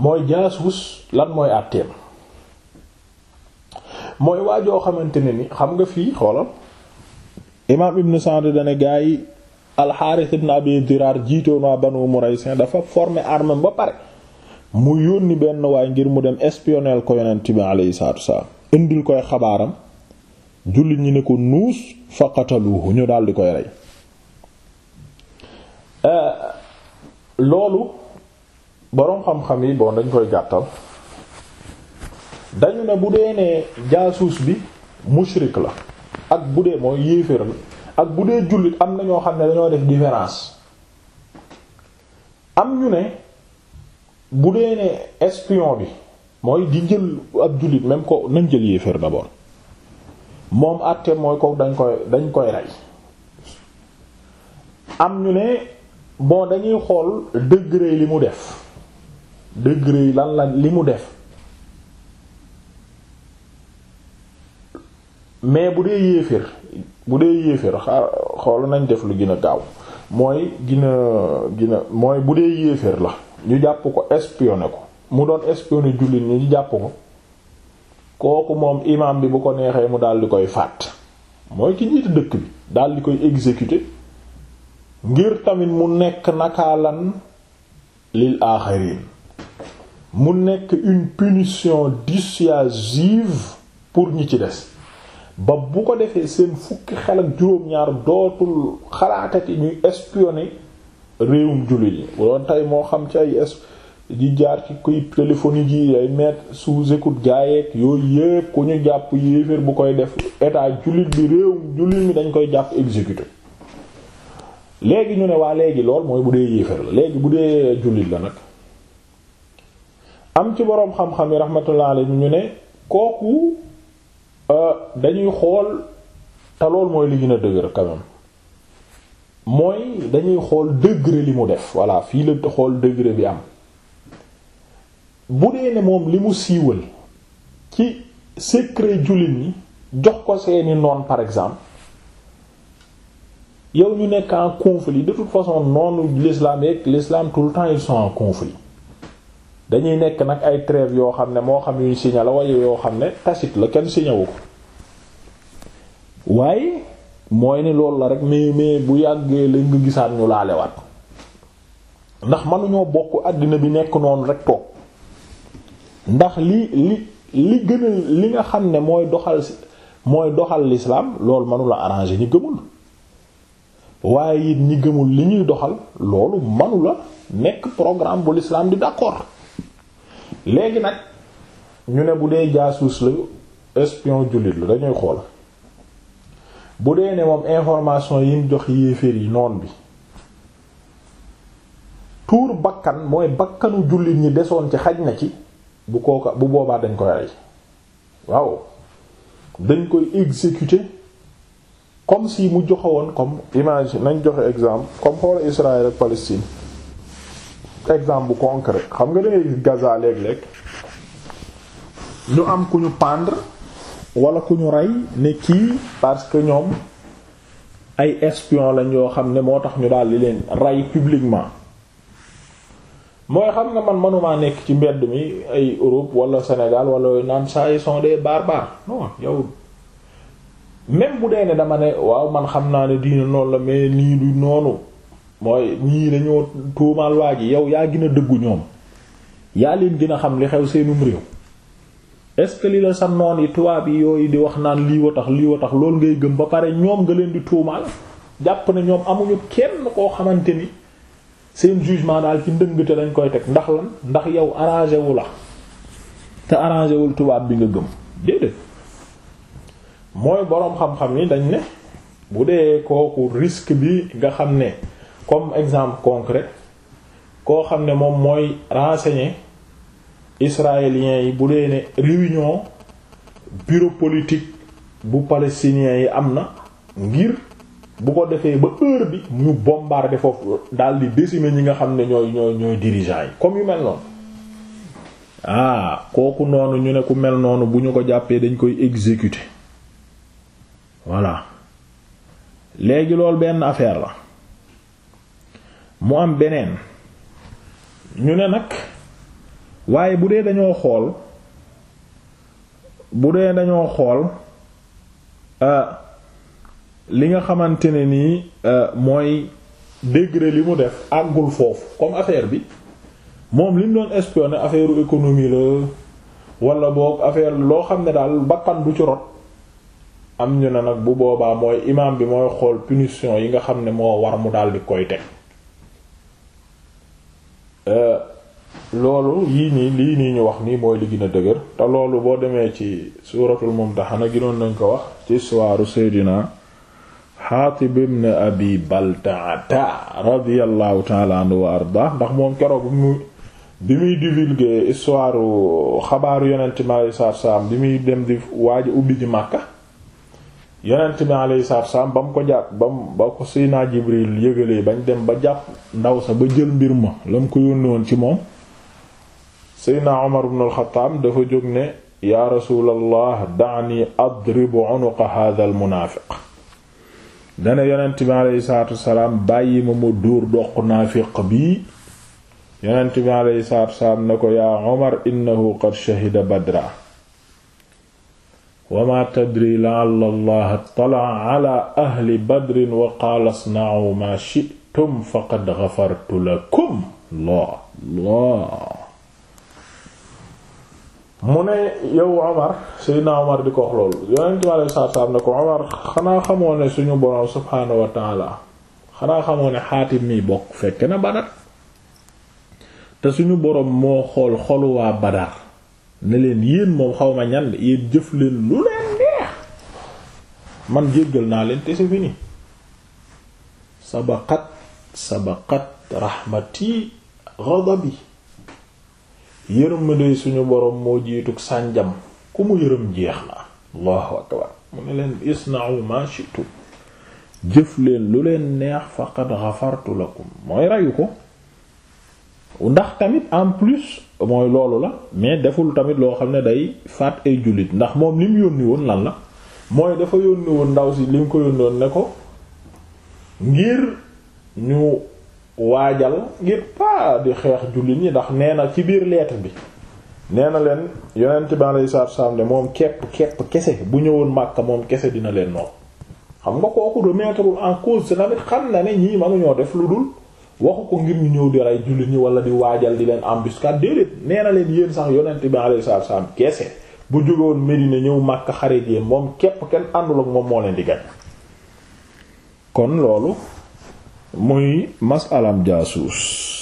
mooy jaasuus lan mooy àtteem mooy waajoo xamante ne ni xam nga fii xoolal imaam ibn Sa'd dane gaa yi alxaaris ibn abi diraar jiitoon waa banu Muraysin dafa former armée ba pare mu yónni benn waay ngir mu dem espionnel ko yonent bi alayhi salaatu wasalaam indil koy xabaaram jullit ñu ne ko nuus faqataluhu ñu di koy rey euh, loolu boroom xam-xam yi bon dañ koy gàttal dañu ne bu dee ne jaasuus bi mushrik la ak bu dee mooy yéeféer la ak bu dee jullit am na ñoo xam ne dañoo def différence am ñu ne bu dee ne espion bi mooy di jël ab jullit même ko nañ jël yéeféer d'abord moom àtte mooy ko dañ koy dañ koy rey am ñu ne bon dañuy xool degré li mu def degré lan la li mu def mais bu dee yéeféer bu dee yéeféer xool nañ def lu gën a gaaw mooy gën a gën a mooy bu dee yéeféer la ñu jàpp ko espionné ko mu doon espionné jullit ñi ñu jàpp ko kooku moom imam bi bu ko neexee mu daal di koy fàtt mooy ki njiit dëkk bi daldi koy exécuté ngir tamit mu nekk nakaalan lil aaxariin mu nekk une punition dissuasive pour ñi ci des ba bu ko defee seen fukki xel ak juróom-ñaar dootul xalaatati ñuy espionner réewum jullit yi loolu tey moo xam ci ay es di jaar ci kuy téléphonie ji ay mettre sous écoute gaayeeg yooyu yépp ku ñu jàpp yéeféer bu koy def état jullit bi réewum jullit mi dañ koy jàpp exécuté léegi ñu ne waa léegi lool mooy bu dee yéeféer la léegi bu dee jullit la nag am ci boroom xam-xam yi rahmatullah alayhi ñu ne kooku euh, dañuy xool te loolu mooy li gën dëgër quand mooy dañuy xool degré li mu def voilà fii la xool degré bi am bu dee ne moom li mu siiwal ci secret jullit ñi jox ko seeni noon par exemple yow ñu nekk en conflit de toute façon noonu l'islam et l'islam temps ils sont en conflit dañuy nekk nag ay trêve yoo xam ne moo xam yuñ signé la waaye yoo xam ne tacite la kenn signé wu ko waaye mooy ni loolu la rek mais mais bu yàggee la nga gisaat ñu laalewaat ndax mënuñoo bokk àddina bi nekk noonu rek toog ndax li li li nga xam ne mooy doxal mooy doxal l'islam loolu mënula arranger ñi gëmul waaye it ñi gëmul li ñuy doxal loolu la nekk programme bu l'islam di d'accord léegi nag ñu ne bu dee jaasuus la espion jullit la dañuy xool bu dee ne moom information yi mu jox yéeféer yi noon bi tuur bakkan mooy bakkanu jullit ñi desoon ci xaj na ci bu kooka bu boobaa dañ koy rey waaw dañ koy exécuter comme si mu joxe woon comme image nañ joxe exemple comme xoola Israël ak Palestine exemple bu concret xam nga da ngay gis Gaza léeg-léeg ñu am ku ñu pendre wala ku ñu rey ne kii parce que ñoom ay espion lañ yoo xam ne moo tax ñu daal di leen rey publiquement mooy xam nga man manuma nekk ci mbedd mi ay Europe walla Sénégal wala naan ça ils sont des barbares non yow même bu dee ne dama ne waaw man xam naa ne diine noonu la mais nii du noonu. mooy ñii dañoo tuumaal waa ji yow yaa gën a dëggu ñoom yaa leen gën xam li xew seenum réew est-ce que li la sa noon yi tubaab yi yooyu di wax naan lii wa tax lii wa tax loolu ngay gëm ba pare ñoom nga leen di tuumaal jàpp ne ñoom amuñu kenn koo xamante ni seen jugement daal ci ndëngte lañ koy teg ndax lan ndax yow arrangé wu la te arrangé wul tubaab bi nga gëm déedéet mooy boroom xam-xam ni dañ ne bu dee kooku risque bi nga xam ne comme exemple concret koo xam ne moom mooy renseigner israéliens yi bu dee ne réunion bureau politique bu palestiniens yi am na ngir bu ko defee ba heure bi ñu bombarder foofu daal di décimer ñi nga xam ne ñooy ñooy ñooy dirigeants yi comme yu mel noonu ah kooku noonu ñu ne ku mel noonu bu ñu ko jàppee dañ koy exécuter voilà léegi loolu benn affaire la mu am beneen ñu ne nag waaye bu dee dañoo xool bu dee dañoo xool euh, li nga xamante ne nii euh, mooy dégre li mu def àggul foofu comme affaire bi moom li mu doon espionner affaire économie la wala boog affaire loo xam ne daal bakkan bu ci rot am ñu ne nag bu boobaa mooy imam bi mooy xool punition yi nga xam ne moo war mu daal di koy teg Euh, loolu yii nii lii nii ñu wax nii mooy li gën dëgër te loolu boo demee ci suuratul mumtaxana ginoon nañ ko wax ci suwaaru seydina xaatib ibn abi baltaata radiallahu taala anhu wa arda ndax moom keroog bi mu bi muy divulguer histoire xabaaru yeneen ci alei saatu salaam bi muy dem di waaj ubbi ji màkka yonent bi alayhi salaatu wassalaam ba mu ko jàpp ba mu ko Seydina Jibril yëgalee bañ dem ba jàpp ndaw sa ba jël mbir ma la mu ko yónni woon ci moom Seydina Umar ibn al-Khattab dafa jóg ne yaa rasuulallah da'ni adribu unuqa hadha al-munaafiq dana yonent bi alayhi bàyyi ma mu dóor doq naafiq bii yonent bi alayhi ne ko yaa Umar innahu qad shahida badra wa ma tadri la'alla allaha ittala'a ala wa qaala isna'u ma shi'tum faqad ghafartu lakum la la mu ne yow Omar Seydina Omar di ko wax loolu yonent bi alayhi salaatu salaam ne ko Omar xanaa xamoo ne suñu borom subhaanahu wa xanaa xamoo ne xaatim mi bokk fekk na Badar te suñu borom moo xool xolu waa Badar ne leen yéen moom xaw ma ñan yéen jëf leen lu leen neex man jéggal naa leen te c'est fini sabaqat sabaqat rahmati ghadabi yërëm ma dey suñu borom moo jiitug sànjam ku mu yërëm jeex na allahu akbar mu ne leen isna'u ma jëf leen lu leen neex faqad ghafartu lakum mooy reyu ko ndax tamit en plus mooy loolu la mais deful tamit loo xam ne day faat ay jullit ndax moom li mu yónni woon lan la mooy dafa yónni woon ndaw si li ko yónni woon ne ko ngir ñu waajal ngir pas di xeex jullit ñi ndax nee na ci biir lettre bi nee na leen yonent bi alayhi salaatu salaam de moom képp képp kese bu ñëwoon Makka moom kese dina leen noonu xam nga kooku remettre en cause tamit xam na ne ñii mënuñoo def lu dul waxu ko ngir ñu ñëw di rey jullit ñi wala di waajal di leen embuscade déedéet nee na leen yéen sax yonent bi alayhi salaatu salaam keese bu jógoon Medina ñëw màkk xarit yi moom képp kenn àndul ak moom moo leen di gañ kon loolu muy masalam jaasuus